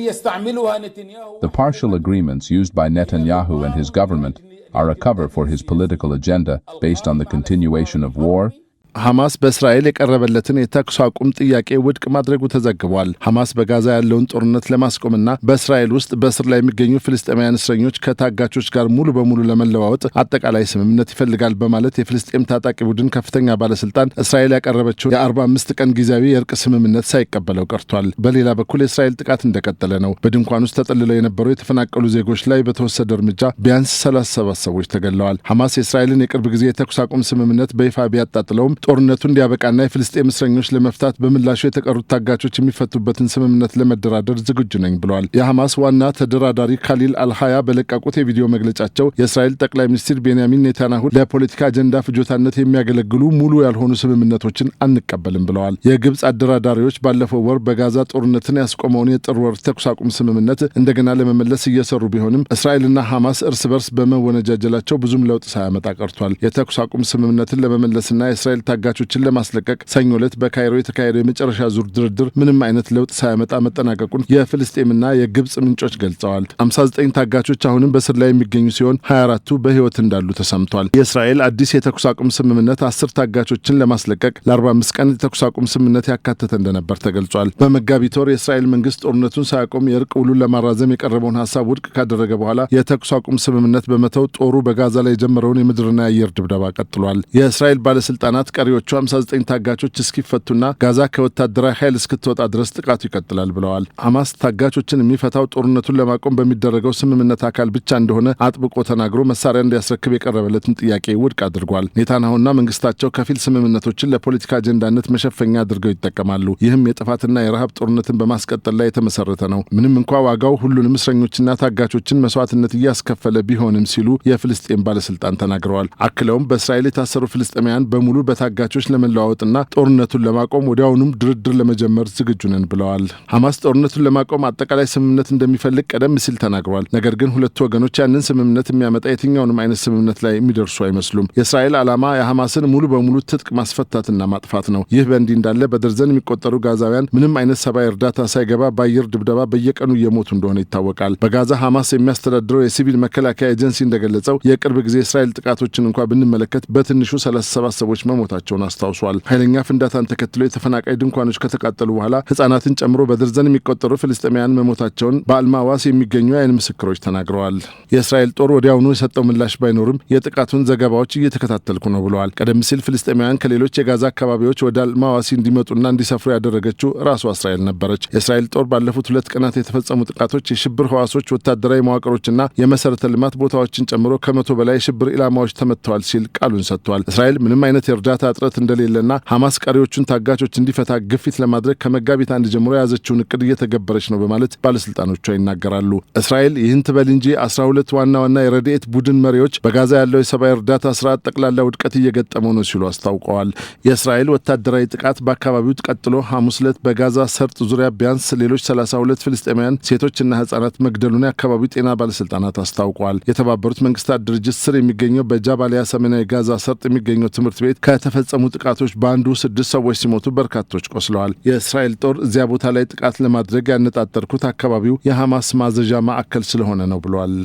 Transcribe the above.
The partial agreements used by Netanyahu and his government are a cover for his political agenda based on the continuation of war ሐማስ በእስራኤል የቀረበለትን የተኩስ አቁም ጥያቄ ውድቅ ማድረጉ ተዘግቧል። ሐማስ በጋዛ ያለውን ጦርነት ለማስቆምና በእስራኤል ውስጥ በእስር ላይ የሚገኙ ፍልስጤማውያን እስረኞች ከታጋቾች ጋር ሙሉ በሙሉ ለመለዋወጥ አጠቃላይ ስምምነት ይፈልጋል በማለት የፍልስጤም ታጣቂ ቡድን ከፍተኛ ባለስልጣን እስራኤል ያቀረበችው የ45 ቀን ጊዜያዊ የእርቅ ስምምነት ሳይቀበለው ቀርቷል። በሌላ በኩል የእስራኤል ጥቃት እንደቀጠለ ነው። በድንኳን ውስጥ ተጠልለው የነበሩ የተፈናቀሉ ዜጎች ላይ በተወሰደ እርምጃ ቢያንስ ሰባት ሰዎች ተገለዋል። ሐማስ የእስራኤልን የቅርብ ጊዜ የተኩስ አቁም ስምምነት በይፋ ቢያጣጥለውም ጦርነቱ እንዲያበቃና የፍልስጤም እስረኞች ለመፍታት በምላሹ የተቀሩት ታጋቾች የሚፈቱበትን ስምምነት ለመደራደር ዝግጁ ነኝ ብለዋል። የሐማስ ዋና ተደራዳሪ ካሊል አልሃያ በለቀቁት የቪዲዮ መግለጫቸው የእስራኤል ጠቅላይ ሚኒስትር ቤንያሚን ኔታንያሁ ለፖለቲካ አጀንዳ ፍጆታነት የሚያገለግሉ ሙሉ ያልሆኑ ስምምነቶችን አንቀበልም ብለዋል። የግብፅ አደራዳሪዎች ባለፈው ወር በጋዛ ጦርነትን ያስቆመውን የጥር ወር ተኩስ አቁም ስምምነት እንደገና ለመመለስ እየሰሩ ቢሆንም እስራኤልና ሐማስ እርስ በርስ በመወነጃጀላቸው ብዙም ለውጥ ሳያመጣ ቀርቷል። የተኩስ አቁም ስምምነትን ለመመለስና የእስራኤል ታጋቾችን ለማስለቀቅ ሰኞ ዕለት በካይሮ የተካሄደው የመጨረሻ ዙር ድርድር ምንም አይነት ለውጥ ሳያመጣ መጠናቀቁን የፍልስጤምና የግብፅ ምንጮች ገልጸዋል። 59 ታጋቾች አሁንም በስር ላይ የሚገኙ ሲሆን 24ቱ በሕይወት እንዳሉ ተሰምቷል። የእስራኤል አዲስ የተኩስ አቁም ስምምነት አስር ታጋቾችን ለማስለቀቅ ለ45 ቀን የተኩስ አቁም ስምምነት ያካተተ እንደነበር ተገልጿል። በመጋቢት ወር የእስራኤል መንግስት ጦርነቱን ሳያቆም የእርቅ ውሉን ለማራዘም የቀረበውን ሀሳብ ውድቅ ካደረገ በኋላ የተኩስ አቁም ስምምነት በመተው ጦሩ በጋዛ ላይ የጀመረውን የምድርና የአየር ድብደባ ቀጥሏል። የእስራኤል ባለስልጣናት ቀሪዎቹ 59 ታጋቾች እስኪፈቱና ጋዛ ከወታደራዊ ኃይል እስክትወጣ ድረስ ጥቃቱ ይቀጥላል ብለዋል። ሐማስ ታጋቾችን የሚፈታው ጦርነቱን ለማቆም በሚደረገው ስምምነት አካል ብቻ እንደሆነ አጥብቆ ተናግሮ መሳሪያ እንዲያስረክብ የቀረበለትን ጥያቄ ውድቅ አድርጓል። ኔታንያሁና መንግስታቸው ከፊል ስምምነቶችን ለፖለቲካ አጀንዳነት መሸፈኛ አድርገው ይጠቀማሉ። ይህም የጥፋትና የረሃብ ጦርነትን በማስቀጠል ላይ የተመሰረተ ነው። ምንም እንኳ ዋጋው ሁሉንም እስረኞችና ታጋቾችን መስዋዕትነት እያስከፈለ ቢሆንም ሲሉ የፍልስጤም ባለስልጣን ተናግረዋል። አክለውም በእስራኤል የታሰሩ ፍልስጤማውያን በሙሉ በታ ታጋቾች ለመለዋወጥና ጦርነቱን ለማቆም ወዲያውኑም ድርድር ለመጀመር ዝግጁ ነን ብለዋል። ሐማስ ጦርነቱን ለማቆም አጠቃላይ ስምምነት እንደሚፈልግ ቀደም ሲል ተናግሯል። ነገር ግን ሁለቱ ወገኖች ያንን ስምምነት የሚያመጣ የትኛውንም አይነት ስምምነት ላይ የሚደርሱ አይመስሉም። የእስራኤል ዓላማ የሐማስን ሙሉ በሙሉ ትጥቅ ማስፈታትና ማጥፋት ነው። ይህ በእንዲህ እንዳለ በደርዘን የሚቆጠሩ ጋዛውያን ምንም አይነት ሰብአዊ እርዳታ ሳይገባ በአየር ድብደባ በየቀኑ እየሞቱ እንደሆነ ይታወቃል። በጋዛ ሐማስ የሚያስተዳድረው የሲቪል መከላከያ ኤጀንሲ እንደገለጸው የቅርብ ጊዜ የእስራኤል ጥቃቶችን እንኳ ብንመለከት በትንሹ 37 ሰዎች መሞታቸው መሆናቸውን አስታውሷል። ኃይለኛ ፍንዳታን ተከትሎ የተፈናቃይ ድንኳኖች ከተቃጠሉ በኋላ ህጻናትን ጨምሮ በድርዘን የሚቆጠሩ ፍልስጤማውያን መሞታቸውን በአልማዋስ የሚገኙ የአይን ምስክሮች ተናግረዋል። የእስራኤል ጦር ወዲያውኑ የሰጠው ምላሽ ባይኖርም የጥቃቱን ዘገባዎች እየተከታተልኩ ነው ብለዋል። ቀደም ሲል ፍልስጤማውያን ከሌሎች የጋዛ አካባቢዎች ወደ አልማዋሲ እንዲመጡና እንዲሰፍሩ ያደረገችው ራሷ እስራኤል ነበረች። የእስራኤል ጦር ባለፉት ሁለት ቀናት የተፈጸሙ ጥቃቶች የሽብር ህዋሶች፣ ወታደራዊ መዋቅሮችና የመሰረተ ልማት ቦታዎችን ጨምሮ ከመቶ በላይ የሽብር ኢላማዎች ተመትተዋል ሲል ቃሉን ሰጥቷል። እስራኤል ምንም አይነት የእርዳታ ጥረት እንደሌለና ሐማስ ቀሪዎቹን ታጋቾች እንዲፈታ ግፊት ለማድረግ ከመጋቢት አንድ ጀምሮ የያዘችውን እቅድ እየተገበረች ነው በማለት ባለስልጣኖቿ ይናገራሉ። እስራኤል ይህን ትበል እንጂ ሁለት ዋና ዋና የረድኤት ቡድን መሪዎች በጋዛ ያለው የሰብአዊ እርዳታ ስርዓት ጠቅላላ ውድቀት እየገጠመው ነው ሲሉ አስታውቀዋል። የእስራኤል ወታደራዊ ጥቃት በአካባቢው ቀጥሎ ሐሙስ ዕለት በጋዛ ሰርጥ ዙሪያ ቢያንስ ሌሎች 32 ፍልስጤማውያን ሴቶችና ህጻናት መግደሉን የአካባቢው ጤና ባለስልጣናት አስታውቀዋል። የተባበሩት መንግስታት ድርጅት ስር የሚገኘው በጃባሊያ ሰሜናዊ ጋዛ ሰርጥ የሚገኘው ትምህርት ቤት ከተፈ በተፈጸሙ ጥቃቶች በአንዱ ስድስት ሰዎች ሲሞቱ በርካቶች ቆስለዋል። የእስራኤል ጦር እዚያ ቦታ ላይ ጥቃት ለማድረግ ያነጣጠርኩት አካባቢው የሐማስ ማዘዣ ማዕከል ስለሆነ ነው ብሏል።